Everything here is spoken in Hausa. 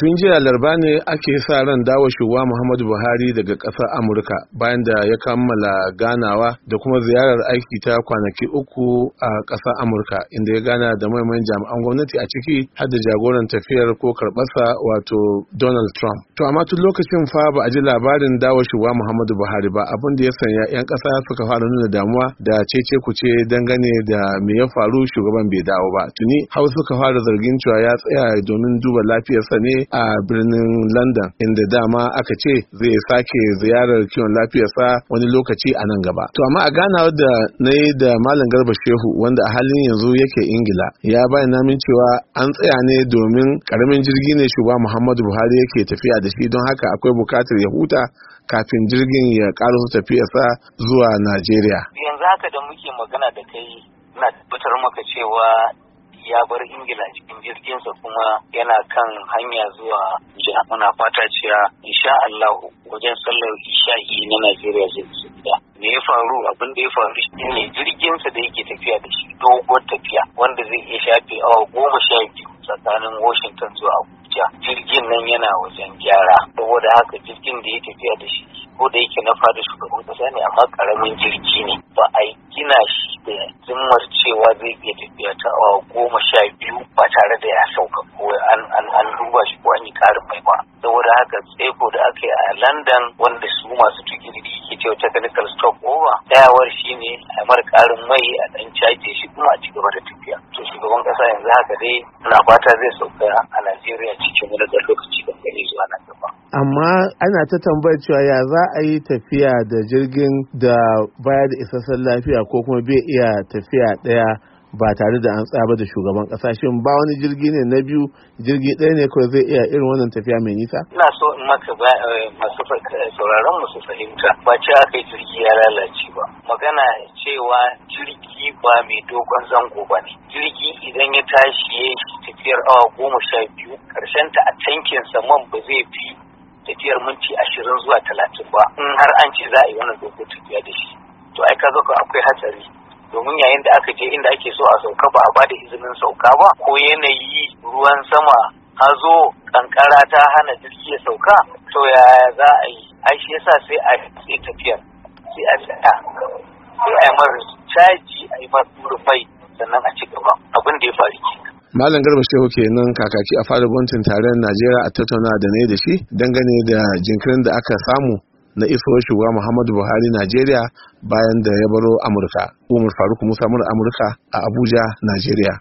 tun jiya larba ne ake sa ran dawo shugaba muhammadu buhari daga ƙasar amurka bayan da ya kammala ganawa da kuma ziyarar aiki ta kwanaki uku a ƙasar amurka inda ya gana da maimain jami'an gwamnati a ciki har da jagoran tafiyar ko karɓarsa wato donald trump to amma tun lokacin fa ba a ji labarin dawo shugaba muhammadu buhari ba abin da ya sanya 'yan ƙasa suka fara nuna damuwa da cece kuce dangane da me ya faru shugaban bai dawo ba tuni hau suka fara zargin cewa ya tsaya domin duba lafiyarsa ne a birnin London inda dama aka ce zai sake ziyarar kiwon lafiyarsa wani lokaci a nan gaba. To amma a gana da na yi da Malam Garba Shehu wanda a halin yanzu yake Ingila ya bayyana namin cewa an tsaya ne domin karamin jirgi ne shugaba Muhammadu Buhari yake tafiya da shi don haka akwai bukatar ya huta kafin jirgin ya karo tafiyarsa zuwa Najeriya. Yanzu haka da muke magana da kai na tabbatar maka cewa ya bar ingila cikin jirginsa kuma yana kan hanya zuwa jiha muna fata cewa insha Allah wajen sallar isha'i na Najeriya zai su gida me ya faru abin da ya faru shine jirginsa da yake tafiya da shi dogon tafiya wanda zai iya shafe awa goma sha biyu tsakanin Washington zuwa Abuja jirgin nan yana wajen gyara saboda haka jirgin da ya tafiya da shi ko da yake na fada shugaban kasa ne amma karamin jirgi ne ba a gina shi da zimmar cewa zai iya tafiya ta awa goma sha biyu ba tare da ya sauka ko an duba shi ko an yi karin mai ba saboda haka tseko da aka yi a london wanda su masu tuki da ke cewa technical stop over tsayawar shine a mar karin mai a dan caje shi kuma a cigaba da tafiya to shugaban ƙasa yanzu haka dai muna fata zai sauka a najeriya cikin wani lokaci da gani zuwa nan gaba amma ana ta tambayar cewa ya za a yi tafiya da jirgin da baya da isassan lafiya ko kuma bai iya tafiya ɗaya ba tare da an tsaba da shugaban kasa shin ba wani jirgi ne na biyu jirgi ɗaya ne kawai zai iya irin wannan tafiya mai nisa ina so in maka eh, masu eh, sauraron musu fahimta ba ce aka yi jirgi ya lalace ba magana cewa jirgi ba mai dogon zango ba ne jirgi idan ya tashi ya tafiyar awa goma sha biyu karshen ta a tankin man ba zai fi tafiyar minti ashirin zuwa talatin ba in har an ce za a yi wannan dogo tafiya da shi to ai ka zaka akwai hatsari domin yayin da aka je inda ake so a sauka ba a ba da izinin sauka ba ko yanayi ruwan sama hazo kankara ta hana jirgi ya sauka to yaya za a yi ai shi yasa sai a yi tafiyar sai a tsaya sai a yi mara caji a yi mara rufai sannan a ci gaba abin da ya faru malam garba shehu nan kakaki a fara gwamnatin taron najeriya a tattauna da ne da shi dangane da jinkirin da aka samu na iso shugaba muhammadu buhari najeriya bayan da ya baro amurka umar faruk musa amurka a abuja najeriya